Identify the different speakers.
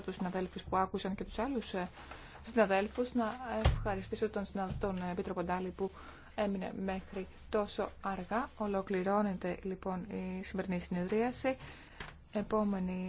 Speaker 1: τους συναδέλφους που άκουσαν και τους άλλους ε, συναδέλφους να ευχαριστήσω τον, τον Επίτροπο Ντάλη που έμεινε μέχρι τόσο αργά. Ολοκληρώνεται λοιπόν η σημερινή συνεδρίαση. Επόμενη